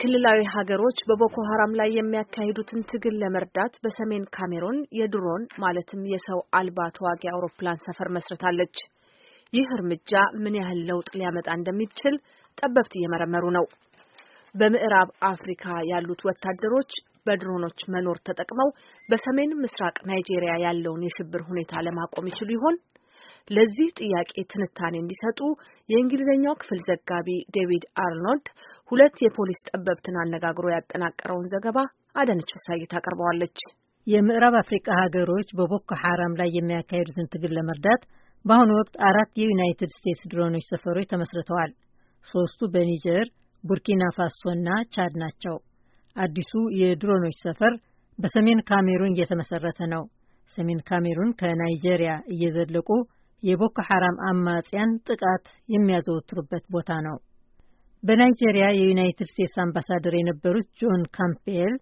ክልላዊ ሀገሮች በቦኮ ሀራም ላይ የሚያካሂዱትን ትግል ለመርዳት በሰሜን ካሜሩን የድሮን ማለትም የሰው አልባ ተዋጊ አውሮፕላን ሰፈር መስርታለች። ይህ እርምጃ ምን ያህል ለውጥ ሊያመጣ እንደሚችል ጠበብት እየመረመሩ ነው። በምዕራብ አፍሪካ ያሉት ወታደሮች በድሮኖች መኖር ተጠቅመው በሰሜን ምስራቅ ናይጄሪያ ያለውን የሽብር ሁኔታ ለማቆም ይችሉ ይሆን? ለዚህ ጥያቄ ትንታኔ እንዲሰጡ የእንግሊዝኛው ክፍል ዘጋቢ ዴቪድ አርኖልድ ሁለት የፖሊስ ጠበብትን አነጋግሮ ያጠናቀረውን ዘገባ አደነች ሳይ ታቀርበዋለች። የምዕራብ አፍሪካ ሀገሮች በቦኮ ሐራም ላይ የሚያካሄዱትን ትግል ለመርዳት በአሁኑ ወቅት አራት የዩናይትድ ስቴትስ ድሮኖች ሰፈሮች ተመስርተዋል። ሶስቱ በኒጀር፣ ቡርኪና ፋሶ እና ቻድ ናቸው። አዲሱ የድሮኖች ሰፈር በሰሜን ካሜሩን እየተመሰረተ ነው። ሰሜን ካሜሩን ከናይጄሪያ እየዘለቁ የቦኮ ሐራም አማጽያን ጥቃት የሚያዘወትሩበት ቦታ ነው። በናይጄሪያ የዩናይትድ ስቴትስ አምባሳደር የነበሩት ጆን ካምፔል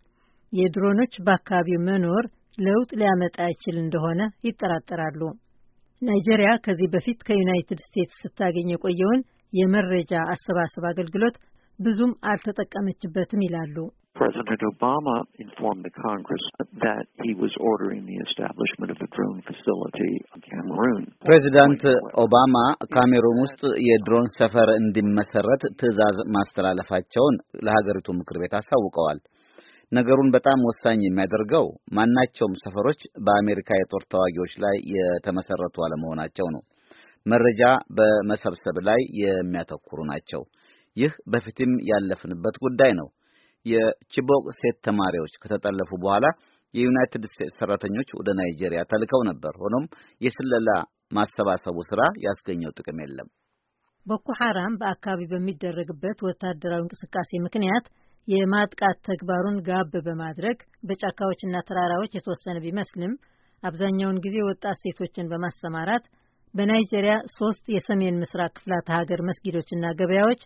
የድሮኖች በአካባቢው መኖር ለውጥ ሊያመጣ ይችል እንደሆነ ይጠራጠራሉ። ናይጄሪያ ከዚህ በፊት ከዩናይትድ ስቴትስ ስታገኝ የቆየውን የመረጃ አሰባሰብ አገልግሎት ብዙም አልተጠቀመችበትም ይላሉ። President Obama informed the Congress that he was ordering the establishment of a drone facility in Cameroon. ፕሬዚዳንት ኦባማ ካሜሩን ውስጥ የድሮን ሰፈር እንዲመሰረት ትዕዛዝ ማስተላለፋቸውን ለሀገሪቱ ምክር ቤት አሳውቀዋል። ነገሩን በጣም ወሳኝ የሚያደርገው ማናቸውም ሰፈሮች በአሜሪካ የጦር ተዋጊዎች ላይ የተመሰረቱ አለመሆናቸው ነው። መረጃ በመሰብሰብ ላይ የሚያተኩሩ ናቸው። ይህ በፊትም ያለፍንበት ጉዳይ ነው። የቺቦክ ሴት ተማሪዎች ከተጠለፉ በኋላ የዩናይትድ ስቴትስ ሰራተኞች ወደ ናይጄሪያ ተልከው ነበር። ሆኖም የስለላ ማሰባሰቡ ስራ ያስገኘው ጥቅም የለም። ቦኮ ሐራም በአካባቢ በሚደረግበት ወታደራዊ እንቅስቃሴ ምክንያት የማጥቃት ተግባሩን ጋብ በማድረግ በጫካዎችና ተራራዎች የተወሰነ ቢመስልም አብዛኛውን ጊዜ ወጣት ሴቶችን በማሰማራት በናይጄሪያ ሶስት የሰሜን ምስራቅ ክፍላተ ሀገር መስጊዶችና ገበያዎች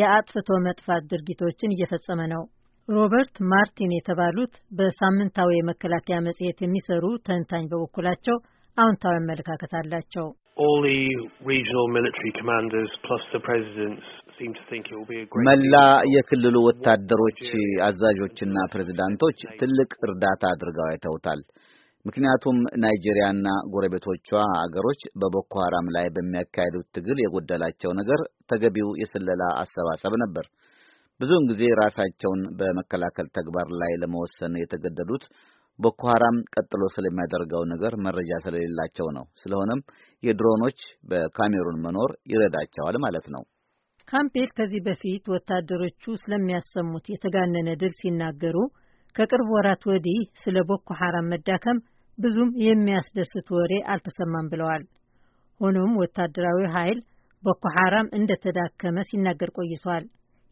የአጥፍቶ መጥፋት ድርጊቶችን እየፈጸመ ነው። ሮበርት ማርቲን የተባሉት በሳምንታዊ የመከላከያ መጽሔት የሚሰሩ ተንታኝ በበኩላቸው አዎንታዊ አመለካከት አላቸው። መላ የክልሉ ወታደሮች አዛዦችና ፕሬዚዳንቶች ትልቅ እርዳታ አድርገው አይተውታል። ምክንያቱም ናይጄሪያና ጎረቤቶቿ አገሮች በቦኮ ሐራም ላይ በሚያካሄዱት ትግል የጎደላቸው ነገር ተገቢው የስለላ አሰባሰብ ነበር። ብዙውን ጊዜ ራሳቸውን በመከላከል ተግባር ላይ ለመወሰን የተገደዱት ቦኮ ሐራም ቀጥሎ ስለሚያደርገው ነገር መረጃ ስለሌላቸው ነው። ስለሆነም የድሮኖች በካሜሩን መኖር ይረዳቸዋል ማለት ነው። ካምፔል ከዚህ በፊት ወታደሮቹ ስለሚያሰሙት የተጋነነ ድል ሲናገሩ ከቅርብ ወራት ወዲህ ስለ ቦኮ ሐራም መዳከም ብዙም የሚያስደስት ወሬ አልተሰማም ብለዋል። ሆኖም ወታደራዊ ኃይል ቦኮ ሐራም እንደተዳከመ ሲናገር ቆይቷል።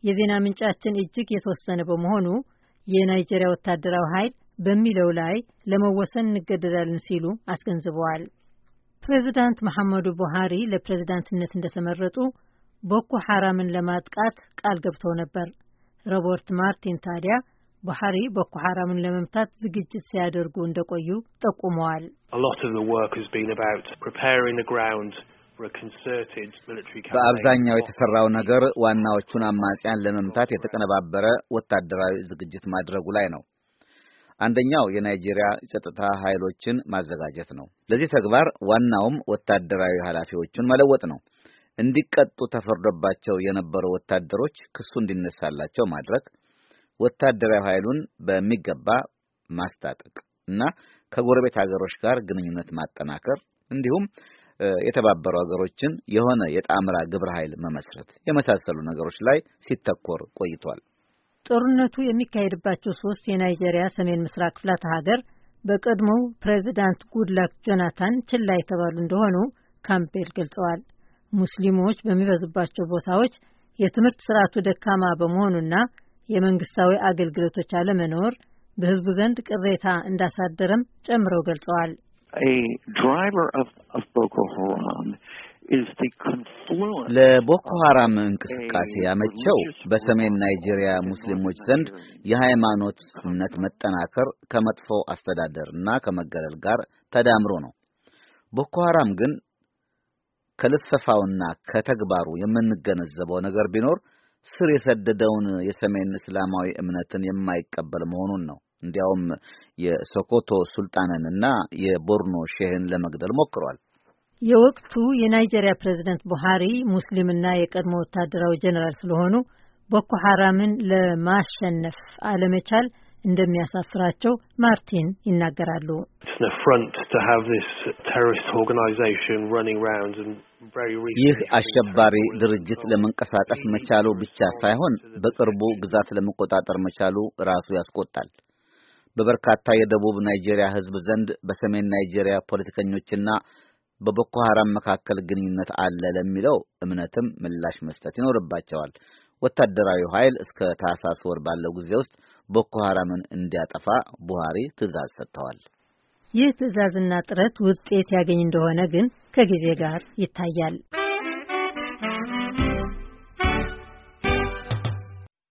የዜና ምንጫችን እጅግ የተወሰነ በመሆኑ የናይጄሪያ ወታደራዊ ኃይል በሚለው ላይ ለመወሰን እንገደዳለን ሲሉ አስገንዝበዋል። ፕሬዚዳንት መሐመዱ ቡሃሪ ለፕሬዚዳንትነት እንደተመረጡ ቦኮ ሐራምን ለማጥቃት ቃል ገብተው ነበር። ሮበርት ማርቲን ታዲያ ቡሐሪ ቦኮ ሐራምን ለመምታት ዝግጅት ሲያደርጉ እንደቆዩ ጠቁመዋል። በአብዛኛው የተሰራው ነገር ዋናዎቹን አማጽያን ለመምታት የተቀነባበረ ወታደራዊ ዝግጅት ማድረጉ ላይ ነው። አንደኛው የናይጄሪያ ጸጥታ ኃይሎችን ማዘጋጀት ነው። ለዚህ ተግባር ዋናውም ወታደራዊ ኃላፊዎቹን መለወጥ ነው። እንዲቀጡ ተፈርዶባቸው የነበሩ ወታደሮች ክሱ እንዲነሳላቸው ማድረግ ወታደራዊ ኃይሉን በሚገባ ማስታጠቅ እና ከጎረቤት ሀገሮች ጋር ግንኙነት ማጠናከር እንዲሁም የተባበሩ ሀገሮችን የሆነ የጣምራ ግብረ ኃይል መመስረት የመሳሰሉ ነገሮች ላይ ሲተኮር ቆይቷል። ጦርነቱ የሚካሄድባቸው ሶስት የናይጄሪያ ሰሜን ምስራቅ ክፍላተ ሀገር በቀድሞው ፕሬዚዳንት ጉድላክ ጆናታን ችላ የተባሉ እንደሆኑ ካምፔል ገልጸዋል። ሙስሊሞች በሚበዙባቸው ቦታዎች የትምህርት ስርዓቱ ደካማ በመሆኑና የመንግስታዊ አገልግሎቶች አለመኖር በህዝቡ ዘንድ ቅሬታ እንዳሳደረም ጨምረው ገልጸዋል። ለቦኮ ሐራም እንቅስቃሴ ያመቸው በሰሜን ናይጄሪያ ሙስሊሞች ዘንድ የሃይማኖትነት መጠናከር ከመጥፎ አስተዳደር እና ከመገለል ጋር ተዳምሮ ነው። ቦኮ ሐራም ግን ከልፈፋውና ከተግባሩ የምንገነዘበው ነገር ቢኖር ስር የሰደደውን የሰሜን እስላማዊ እምነትን የማይቀበል መሆኑን ነው። እንዲያውም የሶኮቶ እና የቦርኖ ሼህን ለመግደል ሞክሯል። የወቅቱ የናይጄሪያ ፕሬዚደንት ቡሃሪ ሙስሊምና የቀድሞ ወታደራዊ ጀኔራል ስለሆኑ ቦኮ ሐራምን ለማሸነፍ አለመቻል እንደሚያሳፍራቸው ማርቲን ይናገራሉ። ይህ አሸባሪ ድርጅት ለመንቀሳቀስ መቻሉ ብቻ ሳይሆን በቅርቡ ግዛት ለመቆጣጠር መቻሉ ራሱ ያስቆጣል። በበርካታ የደቡብ ናይጄሪያ ሕዝብ ዘንድ በሰሜን ናይጄሪያ ፖለቲከኞችና በቦኮ ሐራም መካከል ግንኙነት አለ ለሚለው እምነትም ምላሽ መስጠት ይኖርባቸዋል። ወታደራዊ ኃይል እስከ ታህሳስ ወር ባለው ጊዜ ውስጥ ቦኮ ሐራምን እንዲያጠፋ ቡሃሪ ትዕዛዝ ሰጥተዋል። ይህ ትዕዛዝና ጥረት ውጤት ያገኝ እንደሆነ ግን ከጊዜ ጋር ይታያል።